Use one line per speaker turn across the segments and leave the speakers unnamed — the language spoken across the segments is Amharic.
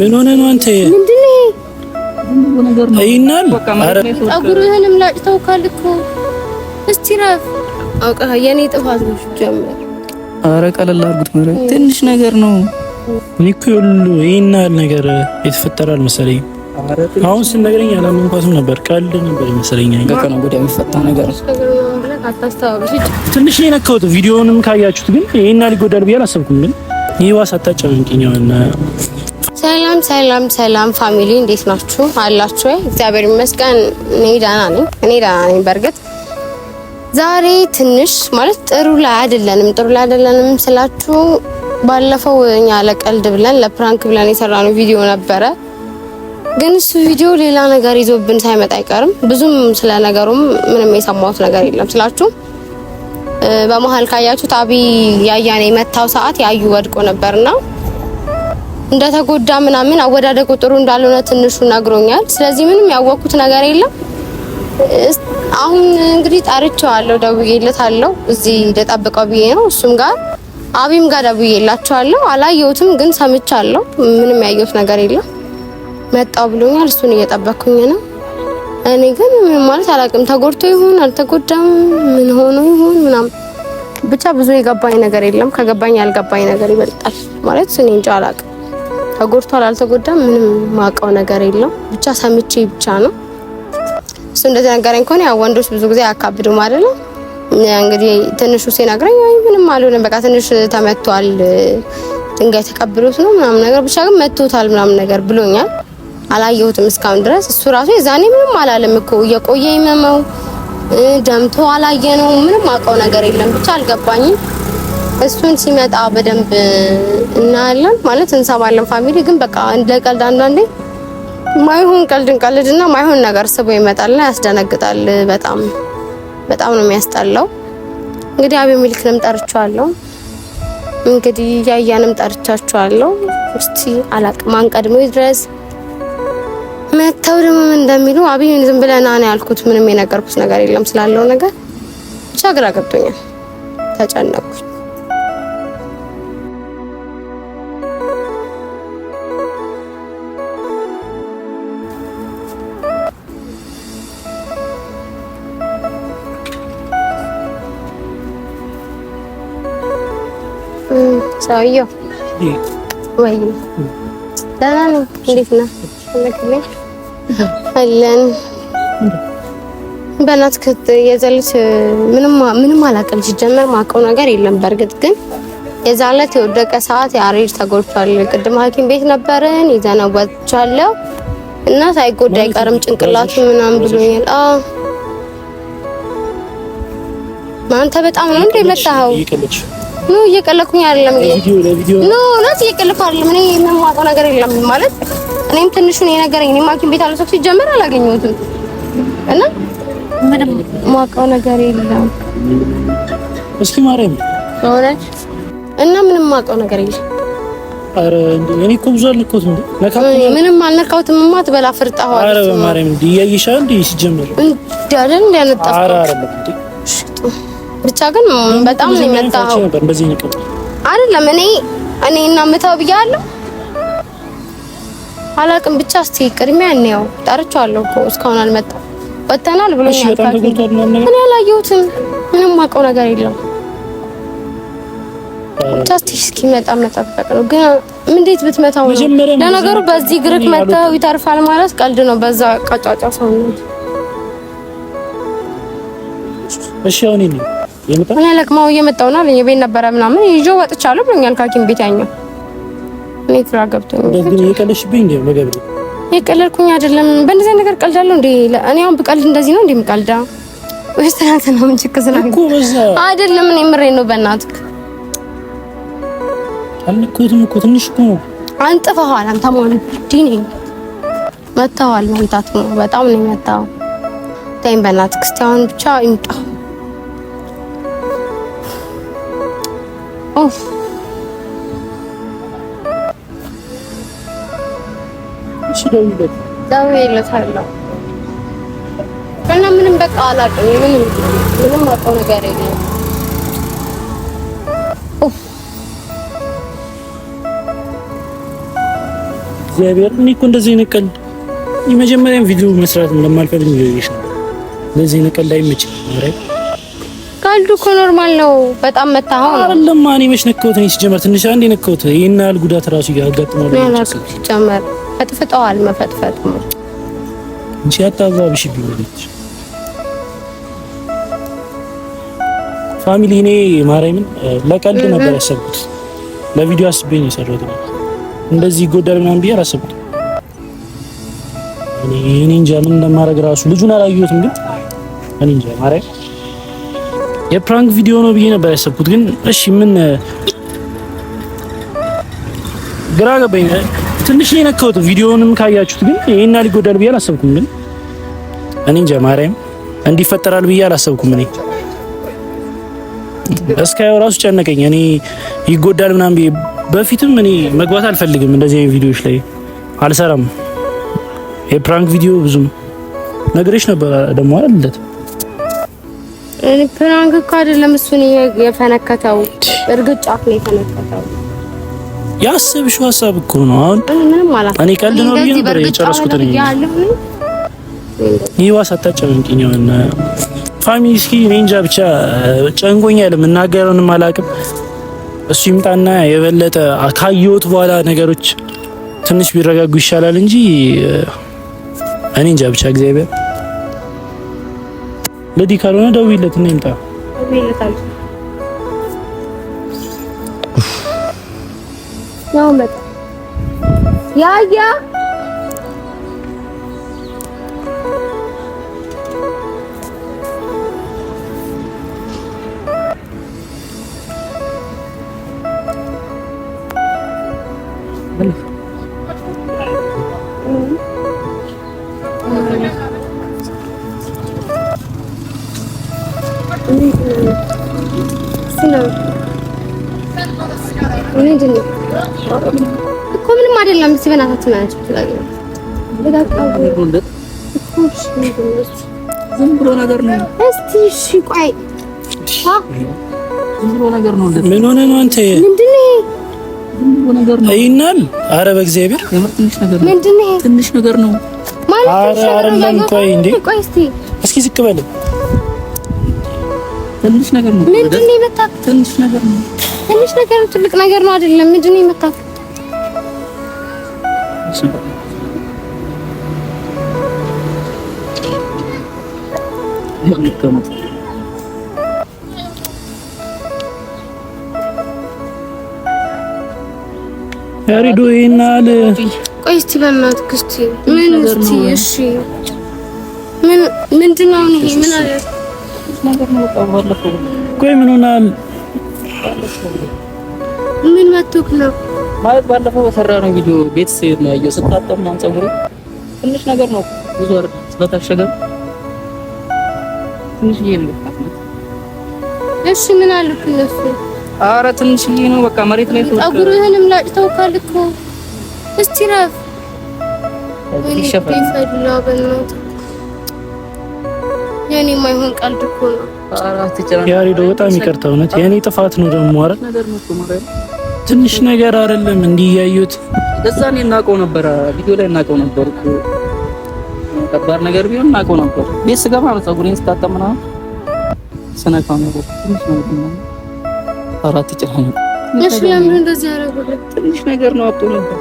ምን ሆነ ነው አንተ? ይናል
ፀጉርህንም ላጭተው ካልኩ እስቲ ረፍ አውቀህ የኔ ጥፋት ነው ጀምር።
አረ ቀለል አድርጉት፣ ምረጥ ትንሽ ነገር ነው። እኔ ሁሉ ይናል ነገር የተፈጠረ አልመሰለኝም። አሁን ስነግረኝ አላመንኳትም ነበር፣ ቀልድ ነበር መሰለኝ። ከቀን ወዲያ የሚፈታ ነገር ትንሽ ነው የነካሁት። ቪዲዮውንም ካያችሁት ግን ይሄን ሊጎዳል ብዬ አላሰብኩም። ግን ይህዋ ሳታጨምንቅኛውና
ሰላም ሰላም ሰላም ፋሚሊ እንዴት ናችሁ? አላችሁ ወይ? እግዚአብሔር ይመስገን እኔ ደህና ነኝ። እኔ ደህና ነኝ። በእርግጥ ዛሬ ትንሽ ማለት ጥሩ ላይ አይደለንም። ጥሩ ላይ አይደለንም ስላችሁ ባለፈው እኛ ለቀልድ ብለን ለፕራንክ ብለን የሰራነው ቪዲዮ ነበረ። ግን እሱ ቪዲዮ ሌላ ነገር ይዞብን ሳይመጣ አይቀርም። ብዙም ስለ ነገሩም ምንም የሰማሁት ነገር የለም ስላችሁ በመሀል ካያችሁት አቢ ያያኔ መታው ሰዓት ያዩ ወድቆ ነበርና እንደተጎዳ ምናምን አወዳደቁ ጥሩ እንዳልሆነ ትንሹ ነግሮኛል። ስለዚህ ምንም ያወቅኩት ነገር የለም። አሁን እንግዲህ ጠርቼዋለሁ፣ ደውዬለታለሁ። እዚህ ልጠብቀው ብዬ ነው እሱም ጋር አቢም ጋር ደውዬላቸዋለሁ። አላየሁትም፣ ግን ሰምቻለሁ። ምንም ያየሁት ነገር የለም። መጣው ብሎኛል። እሱን እየጠበኩኝ ነው። እኔ ግን ምን ማለት አላውቅም። ተጎድቶ ይሆን አልተጎዳም፣ ምን ሆኖ ይሆን ምናምን ብቻ ብዙ የገባኝ ነገር የለም። ከገባኝ ያልገባኝ ነገር ይበልጣል ማለት እኔ እንጃ አላውቅም። ተጎድቷል አልተጎዳም ምንም ማውቀው ነገር የለም። ብቻ ሰምቼ ብቻ ነው እሱ እንደዚህ ነገረኝ። ከሆነ ያው ወንዶች ብዙ ጊዜ አያካብዱም አይደለም። እንግዲህ ትንሹ ሲነግረኝ አይ ምንም አልሆነም በቃ ትንሽ ተመቷል፣ ድንጋይ ተቀብሎት ነው ምናምን ነገር ብቻ ግን መቶታል ምናምን ነገር ብሎኛል። አላየሁትም እስካሁን ድረስ እሱ ራሱ የዛኔ ምንም አላለም እኮ እየቆየ ይመመው ደምቶ አላየ ነው ምንም አውቀው ነገር የለም ብቻ አልገባኝም። እሱን ሲመጣ በደንብ እናያለን ማለት እንሰማለን። ፋሚሊ ግን በቃ እንደ ቀልድ አንዳንዴ ማይሆን ቀልድ እንቀልድና ማይሆን ነገር ስቦ ይመጣልና ያስደነግጣል። በጣም በጣም ነው የሚያስጠላው። እንግዲህ አብ ሚልክንም ጠርቻለሁ። እንግዲህ ያያንም ጠርቻቸዋለሁ። እስቲ አላቅ ማን ቀድሞ መተው ደግሞ ምን እንደሚሉ አብይን ዝም ብለና ነው ያልኩት። ምንም የነገርኩት ነገር የለም ስላለው ነገር ብቻ ግራ ገብቶኛል፣ ተጨነቅኩኝ። ሰውዬው ወይ ደህና ነኝ። እንዴት ነህ? ልክልኝ አለን በእናትህ የዘለች ምንም ምንም አላውቅም። ሲጀመር ማውቀው ነገር የለም። በእርግጥ ግን የዛለት የወደቀ ሰዓት ያሬድ ተጎድቷል። ቅድም ሐኪም ቤት ነበርን ይዘነወቻለሁ እና ሳይጎዳ አይቀርም ጭንቅላቱ ምናምን ብሎኛል። አንተ በጣም ነው እንደ መጣኸው ኑ እየቀለኩኝ አይደለም። ኑ ናት እየቀለኩ አይደለም። እኔ የማውቀው ነገር የለም ማለት እኔም ትንሹ ትንሹን የነገረኝ እኔም ሐኪም ቤት አለ ሲጀመር አላገኘሁትም እና ምንም የማውቀው ነገር የለም። እስኪ ማርያም እውነት እና ምንም የማውቀው ነገር የለም።
አረ እንዴ እኔ እኮ ብዙ እንዴ
አልነካሁትም። ምንም አልነካሁትም። ማት በላ ፍርጣ ሆነ።
ኧረ ማርያም እንዲህ እያየሻ እንዲህ ሲጀመር
እንዲህ አይደል
አረ እንዴ
ብቻ ግን በጣም ነው የመጣው። አይደለም እኔ እኔ እና ምታው ብያለሁ አላቅም። ብቻ እስቲ ቅድሚያ እንየው። ጠርቼዋለሁ እኮ እስካሁን አልመጣም። ወጥተናል ብሎ እኔ አላየሁትም። ምንም አውቀው ነገር የለም። ብቻ እስቲ እስኪመጣ መጠበቅ ነው። ግን እንዴት ብትመታው ነው? ለነገሩ በዚህ ግርክ መታው ይተርፋል ማለት ቀልድ ነው። በዛ ቀጫጫ ሰው ነው። እሺ አሁን እኔ ለቅማው እየመጣሁ ነው አለኝ። ቤት ነበረ ምናምን ይዞ ወጥቻለሁ ብሎኛል። ካኪም ቤት ያኛው እኔ ግራ ገብቶኛል።
የቀለድሽብኝ ነው መገብሪ
የቀለድኩኝ አይደለም። በእንደዚህ ነገር ቀልዳለሁ እንዴ? እኔ አሁን ብቀልድ እንደዚህ ነው እንዴ የምቀልዳ? ወይስ ትናንት ነው እንጂ ከዝና አይደለም። እኔ ምሬ ነው በእናትህ
አልኩትም እኮ ትንሽ እኮ ነው።
አንተ ማን ዲኔ መታዋል። መምታት ነው በጣም ነው መታው። ተይኝ በእናትህ እስኪ አሁን ብቻ ይምጣ ኦፍ እና ምንም በቃ አላውቅም። ምንም ምንም አውቀው ነገር የለም።
እግዚአብሔር እኔ እኮ እንደዚህ ንቀል የመጀመሪያም ቪዲዮ መስራት እንደማልፈልግ ነው። ለዚህ ንቀል ላይ
ቀልዱ እኮ ኖርማል ነው። በጣም መታኸው
ነው አይደለም? ማን ይመሽ ነከውት ነው ሲጀመር፣ ትንሽ አንዴ ነከውት። ይሄን ያህል ጉዳት ራሱ ያጋጥመው
ነው ያላችሁ። ሲጀመር ፈጥፍጠዋል። መፈጥፈጥ
እንጂ አታዛብሽ ቢሆንልሽ ፋሚሊ። እኔ ማርያምን ለቀልድ ነበር ያሰብኩት፣ ለቪዲዮ አስቤ ነው የሰራሁት። እንደዚህ ይጎዳል ምናምን ብዬ አላሰብኩም። እኔ እንጃ ምን እንደማደርግ ራሱ ልጁን አላየሁትም፣ ግን እኔ እንጃ ማርያምን የፕራንክ ቪዲዮ ነው ብዬ ነበር ያሰብኩት። ግን እሺ፣ ምን ግራ ገባኝ። ትንሽ ነው የነካሁት። ቪዲዮንም ካያችሁት ግን ይሄን ያህል ይጎዳል ብዬ አላሰብኩም። ግን እኔ እንጃ ማርያም እንዲፈጠራል ብዬ አላሰብኩም። እኔ እስካየው ራሱ ጨነቀኝ። እኔ ይጎዳል ምናምን ብዬ በፊትም እኔ መግባት አልፈልግም። እንደዚህ አይነት ቪዲዮዎች ላይ አልሰራም። የፕራንክ ቪዲዮ ብዙም ነግሬሽ ነበር ደግሞ አይደል?
ፕራንክ እኮ አይደለም እሱን የፈነከተው፣ እርግጥ ጫፍ ነው የፈነከተው።
ያሰብሽው ሀሳብ እኮ ነው። አሁን እኔ ቀልድ ነው ብዬ ነበር የጨረስኩት። እኔ ይዋ ሳታጨንቂኝ የሆነ ፋሚሊ እስኪ እኔ እንጃ ብቻ ጨንጎኛል። የምናገረውንም አላውቅም። እሱ ይምጣና የበለጠ ካየሁት በኋላ ነገሮች ትንሽ ቢረጋጉ ይሻላል እንጂ እኔ እንጃ ብቻ እግዚአብሔር ለዲ ካልሆነ ደውይለት እና ይምጣ።
ያው አምስት በእናታችን
ማለት ዝም ብሎ ነገር ነው።
እስቲ እሺ ቆይ
ነገር ነው። ምን ሆነ ነው አንተ? ይናል አረ፣ በእግዚአብሔር ትንሽ ነገር ነው። አይደለም ቆይ እንዴ፣ እስኪ ዝቅ በል። ትንሽ ነገር ነው። ነው ትንሽ ነገር ነው።
ትልቅ ነገር ነው አይደለም። ምንድን ነው የመጣው? ያሪዶ ይናል ቆይ እስቲ በእናትህ እስቲ ምን እስቲ እሺ፣ ምን ምንድን ነው ምን አለ
ቆይ ምን ሆናል?
ምን መቶክ ነው?
ማለት ባለፈው በሰራ ነው ቪዲዮ ቤት ሲሄድ ነው ያየው። ስታጠብ ምናምን ፀጉሩ ትንሽ ነገር ነው ብዙ አይደል ስለታሸገ ትንሽ ይሄን ነው።
እሺ ምን አልኩ እሱ
አረ ትንሽ ይሄ ነው በቃ መሬት ላይ
ተወቀ ፀጉሩህንም ላጭተው ካልኩ እስቲ ረፍ የኔ የማይሆን ቀልድ እኮ ነው። ኧረ
አትጨናነቅ ያሬዶ፣ በጣም ይቅርታ እውነት የኔ ጥፋት ነው ደግሞ ኧረ ትንሽ ነገር አይደለም። እንዲህ እያዩት ለዛ እኔ እናውቀው ነበር፣ ቪዲዮ ላይ እናውቀው ነበር። ከባድ ነገር ቢሆን እናውቀው ነበር። ቤት ስገባ ነው ፀጉሬን ስታጠብ ምናምን ስነካው ነበር። ትንሽ ነገር ነው አራት ጭራ ነው።
እሺ ለምን እንደዚህ ያደረጉት?
ትንሽ ነገር ነው አጥቶ ነበር።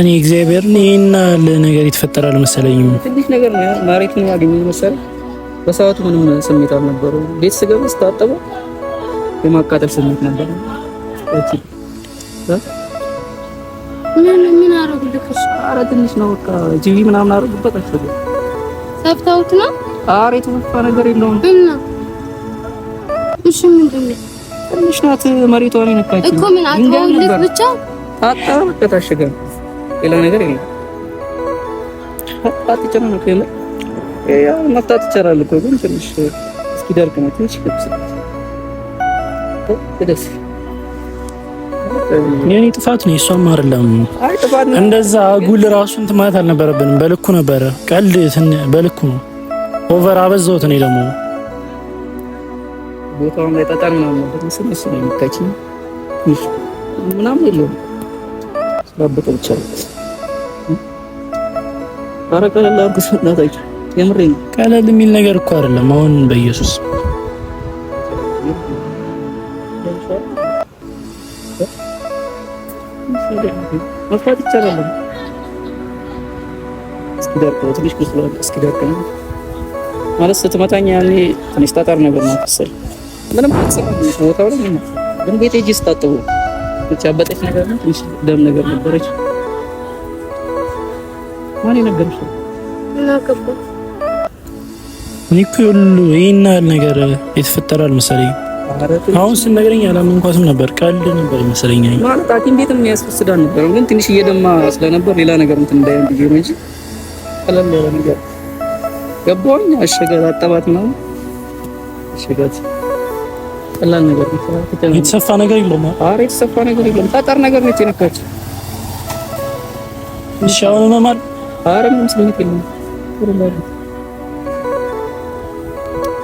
እኔ እግዚአብሔር ይህን ለነገር የተፈጠረ አልመሰለኝም። ትንሽ ነገር ነው። ማሬት ነው ያገኘ መሰለኝ በሰዓቱ ምንም ስሜት አልነበረው። ቤት ስገባ ስታጠቡ የማቃጠል ስሜት ነበር። እቺ
ምን ምን አደረጉልህ?
ኧረ ትንሽ ነው በቃ ጂቪ ምናምን አደረጉበት። አሰበ
ሰፍታውት ነው።
ኧረ የተወፋ ነገር የለውም
እና እሺ፣ ምንድን ነው
ትንሽ ናት። መሬቷ ላይ
እኮ ምን ብቻ
ታጠበ፣ በቃ ታሸገ። ሌላ ነገር የለም። ያው መፍታት ይቻላል እኮ ግን ትንሽ እስኪደርቅ ነው። ትንሽ የኔ ጥፋት ነው እሷም አይደለም። እንደዛ አጉል ራሱን ማለት አልነበረብንም። በልኩ ነበረ። ቀልድ በልኩ ነው። ኦቨር አበዛሁት። እኔ ደግሞ ቦታውን ላይ ጠጠር ምናምን ነው የሚታችኝ ምናምን የለውም ስላበጠ ብቻ ነው። ኧረ ቀለል የምሬ ቀለል የሚል ነገር እኮ አይደለም። አሁን በኢየሱስ መፍታት ይቻላል። እስኪደርቅ ነው ትንሽ እስኪደርቅ ነው ማለት ያኔ ትንሽ ጠጠር ነገር ነው መሰል ምንም ቦታው ላይ ግን ቤት ሂጅ ስታጥቡ ብቻ ያበጠች ነገር ነው። ትንሽ ደም ነገር ነበረች። ማን ነው? እኔ እኮ ሁሉ ይሄን ያህል ነገር የተፈጠረ አልመሰለኝም። አሁን ስነግረኝ አላመንኳትም ነበር፣ ቀልድ ነበር መሰለኝ። ማለት ሐኪም ቤት የሚያስወስድ አልነበረም፣ ግን ትንሽ እየደማ ስለነበር ሌላ ነገር እንትን እንዳይሆን ብዬ ነው እንጂ ቀለል ያለ ነገር ገባኝ። አሸጋት፣ አጠባት ነው አሸጋት። ቀላል ነገር ነው፣ የተሰፋ ነገር የለውም። ኧረ የተሰፋ ነገር የለውም፣ ጠጠር ነገር ነው የነካችው። እሺ አሁን ሆኖ ማለት ኧረ ምንም ስሜት የለውም።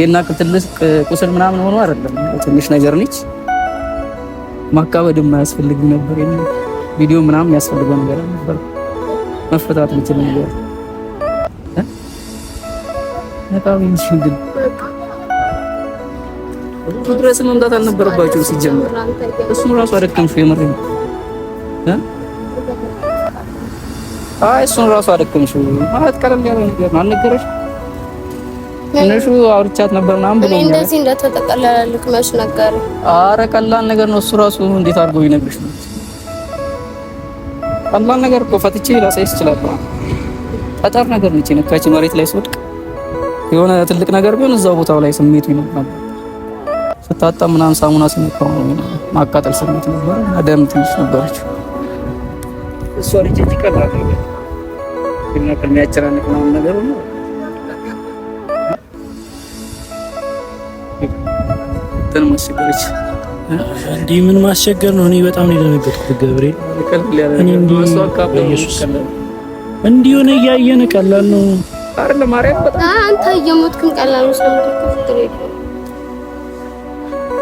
የና ትልቅ ቁስል ምናምን ሆኖ አይደለም፣ ትንሽ ነገር ነች። ማካበድም አያስፈልግም ነበር። ይሄን ቪዲዮ ምናምን ያስፈልገው ነገር ነበር መፈታት ምችል ነገር በጣም እንሽንግል ድረስ መምጣት አልነበረባቸው ሲጀመር። እሱም ራሱ አደከምሽ የምር አይ እሱን ራሱ አደከምሽ ማለት ቀለም ያለ ነገር አልነገረሽም ትንሹ አውርቻት ነበር ምናምን
ብሎ እኔ እንደዚህ እንደተጠቀለለ ልክመሽ ነገር
አረ ቀላል ነገር ነው እሱ ራሱ እንዴት አድርጎ ይነግርሽ ነው። ቀላል ነገር እኮ ፈትቼ ላሳይሽ ይችላል ጠጠር ነገር ነች የነካች መሬት ላይ ስወድቅ የሆነ ትልቅ ነገር ቢሆን እዛው ቦታው ላይ ስሜቱ ይነበር። ስታጣ ምናምን ሳሙና ሲነካው ማቃጠል ስሜት ነበር። ደም ትንሽ ነበረች እሷ ልጅ ቀላል ነገር ግን ከሚያጨናንቅ ምናምን ነገር ነው ነው ማስቸገረች። እንዲህ ምን ማስቸገር ነው? እኔ በጣም ነው የደነገጥኩት ገብርኤል። እንዲህ ሆነ እያየን ቀላል ነው አይደለም? ማርያም
በጣም አንተ እየሞትክም ቀላል ነው። ስለምትልኩ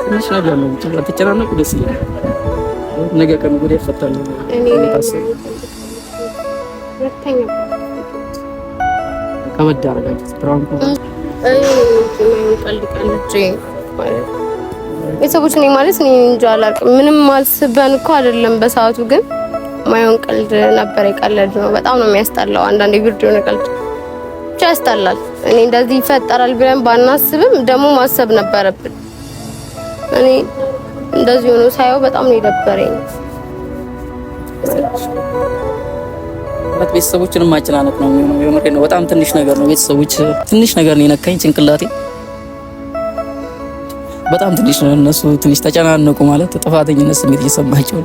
ትንሽ ነገር ነው። አትጨናነቁ፣ ደስ ይላል። ነገ ቀን ወዲያ ይፈታል። ከበድ አደረጋችሁ
ቤተሰቦች ነኝ ማለት እኔ እንጃ አላውቅም። ምንም አልስበን እኮ አይደለም በሰዓቱ ግን ማየውን ቀልድ ነበር። የቀለድ ነው። በጣም ነው የሚያስጠላው። አንዳንዴ ብርድ የሆነ ቀልድ ብቻ ያስጠላል። እኔ እንደዚህ ይፈጠራል ብለን ባናስብም ደግሞ ማሰብ ነበረብን። እኔ እንደዚህ ሆኖ ሳየው በጣም ነው የደበረኝ።
ቤተሰቦችንም ማጨናነቅ ነው የሚሆነው። በጣም ትንሽ ነገር ነው ቤተሰቦች፣ ትንሽ ነገር ነው የነካኝ ጭንቅላቴ በጣም ትንሽ ነው። እነሱ ትንሽ ተጨናነቁ ማለት ጥፋተኝነት ስሜት እየሰማቸው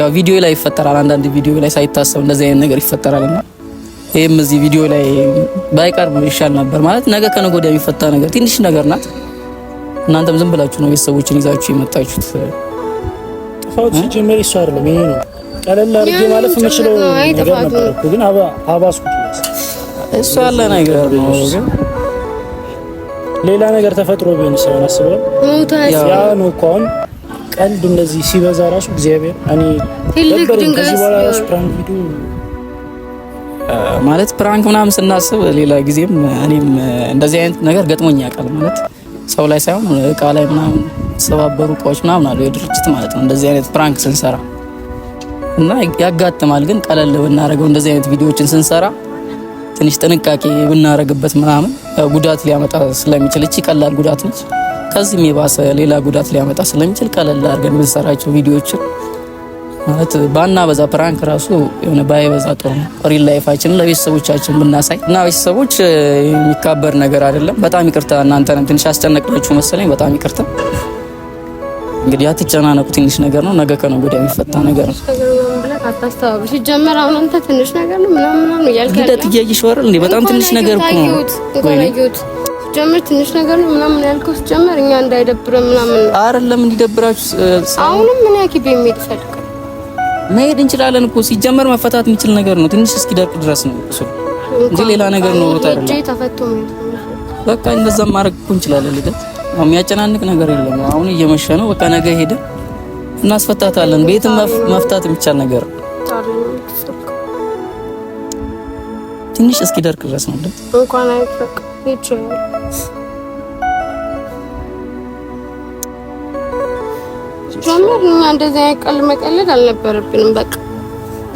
ያው ቪዲዮ ላይ ይፈጠራል። አንዳንድ ቪዲዮ ላይ ሳይታሰብ እንደዚህ አይነት ነገር ይፈጠራል እና ይህም እዚህ ቪዲዮ ላይ ባይቀርብ ይሻል ነበር ማለት ነገ ከነገ ወዲያ የሚፈታ ነገር ትንሽ ነገር ናት። እናንተም ዝም ብላችሁ ነው ቤተሰቦችን ይዛችሁ የመጣችሁት። ጥፋቱ ሲጀመር ይሱ አይደለም ይሄ ነው። ቀለል አድርጌ ማለፍ የምችለው ነገር ነበር ግን አባስኩት። እሱ ያለ ነገር ነው ግን ሌላ ነገር ተፈጥሮ ቢሆን ይሰራል አስበል ያ ነው ቀልድ እንደዚህ ሲበዛ ራሱ እግዚአብሔር እኔ ትልቅ ድንጋይ ፕራንክ ማለት ፕራንክ ምናምን ስናስብ ሌላ ጊዜም እኔም እንደዚህ አይነት ነገር ገጥሞኝ ያውቃል። ማለት ሰው ላይ ሳይሆን እቃ ላይ ምናምን ሰባበሩ እቃዎች ምናምን አሉ የድርጅት ማለት ነው እንደዚህ አይነት ፕራንክ ስንሰራ እና ያጋጥማል። ግን ቀለል ብናደርገው እንደዚህ አይነት ቪዲዮዎችን ስንሰራ ትንሽ ጥንቃቄ ብናረግበት ምናምን ጉዳት ሊያመጣ ስለሚችል እቺ ቀላል ጉዳት ነች። ከዚህም የባሰ ሌላ ጉዳት ሊያመጣ ስለሚችል ቀለል አድርገን የምንሰራቸው ቪዲዮዎችን ማለት ባና በዛ ፕራንክ ራሱ የሆነ ባይበዛ ጥሩ ነው። ሪል ላይፋችን ለቤተሰቦቻችን ብናሳይ እና ቤተሰቦች የሚካበር ነገር አይደለም። በጣም ይቅርታ እናንተን ትንሽ አስጨነቅናችሁ መሰለኝ። በጣም ይቅርታ። እንግዲህ አትጨናነቁ። ትንሽ ነገር ነው፣ ነገ ከነገ ወዲያ የሚፈታ ነገር ነው።
ሲጀመር አሁን አንተ ትንሽ ነገር ነው ምናምን ምናምን
እንዴ? በጣም ትንሽ ነገር እኮ ነው።
ሲጀመር ትንሽ ነገር ነው ምናምን ያልከው እኛ እንዳይደብረ ምናምን
አይደለም። እንዲደብራችሁ
አሁንም ምን ያክል
መሄድ እንችላለን እኮ ሲጀመር መፈታት የሚችል ነገር ነው። ትንሽ እስኪደርቅ ድረስ ነው እሱ እንጂ ሌላ ነገር ነው። ታዲያ ተፈቶ በቃ እንደዛ ማድረግ እኮ እንችላለን ልደት የሚያጨናንቅ ነገር የለም። አሁን እየመሸ ነው። በቃ ነገ ሄደ እናስፈታታለን። ቤትም መፍታት የሚቻል ነገር ትንሽ እስኪደርቅ ድረስ ነው። እንኳን አይፈቅ ይችላል።
ጀምር እና እንደዚህ አይነት ቀልድ መቀለድ አልነበረብንም። በቃ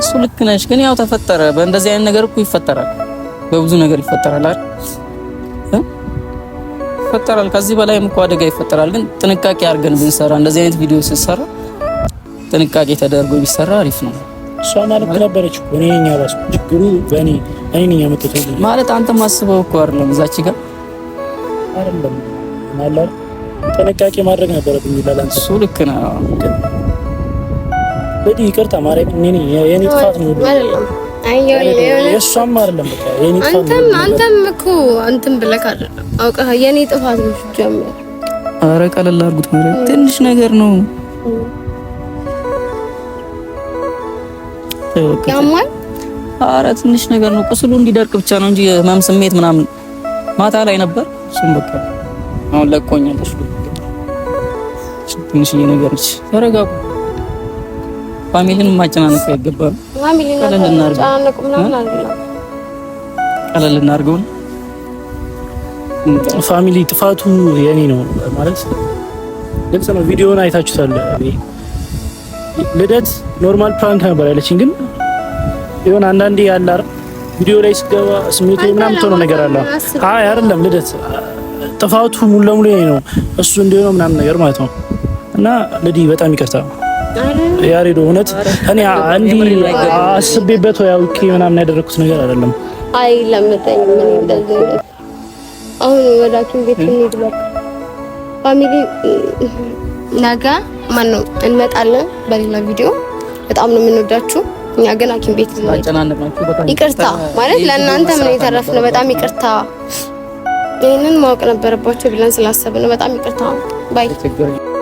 እሱ ልክ ነሽ፣ ግን ያው ተፈጠረ። በእንደዚህ አይነት ነገር እኮ ይፈጠራል፣ በብዙ ነገር ይፈጠራል አይደል ይፈጠራል። ከዚህ በላይም እኮ አደጋ ይፈጠራል። ግን ጥንቃቄ አድርገን ብንሰራ፣ እንደዚህ አይነት ቪዲዮ ስትሰራ ጥንቃቄ ተደርጎ ቢሰራ አሪፍ ነው። እሷ ማለት ነበረች እኔ ነኝ ያባስኩ ችግሩ በእኔ እኔ ነኝ ያመጣሁት ማለት አንተ ማስበው እኮ አይደለም እዛች ጋር አይደለም ማለት ጥንቃቄ ማድረግ ነበረብኝ ይላል አንተ እሱ ልክ ነው። እንግዲህ ይቅርታ ማርያም እኔ ነኝ የኔ ጥፋት ነው።
የእሷም አይደለም በቃ የኔ ጥፋት። አንተም አንተም እኮ አንተም ብለህ አውቀህ የኔ ጥፋት ነው ጀምር።
ኧረ ቀለል አድርጉት ማለት ትንሽ ነገር ነው። ያማል። ትንሽ ነገር ነው። ቁስሉ እንዲደርቅ ብቻ ነው እንጂ ህመም ስሜት ምናምን ማታ ላይ ነበር። እሱም በቃ አሁን ለቆኛል። ትንሽዬ ነገር ነች። ተረጋጉ ፋሚሊን ማጨናነቅ አይገባም። ቀለል እናድርገው። ፋሚሊ ጥፋቱ የኔ ነው ማለት ግልጽ ነው። ቪዲዮውን አይታችሁታል። ልደት ኖርማል ፕራንክ ነበር ያለችኝ፣ ግን የሆነ አንዳንዴ ያለ ቪዲዮ ላይ ስገባ ስሜቱ ምናምን ትሆነ ነገር አለ። አይ አይደለም ልደት ጥፋቱ ሙሉ ለሙሉ የኔ ነው እሱ እንዲሆነ ምናምን ነገር ማለት ነው። እና ልዲ በጣም ይቅርታ ያሬድ እውነት እኔ እንዲህ አስቤበት ወይ አውቄ ምናምን ያደረኩት ነገር አይደለም።
አይ ለምጠኝ ምን እንደዚህ አሁን ወደ ሐኪም ቤት እንሂድ። በቃ ፋሚሊ ነገ ማነው እንመጣለን በሌላ ቪዲዮ። በጣም ነው የምንወዳችሁ። እኛ ግን ሐኪም ቤት ይቅርታ ማለት ለእናንተ ምን የተረፍነው በጣም ይቅርታ። ይህንን ማወቅ ነበረባቸው ብለን ስላሰብን በጣም ይቅርታ ባይ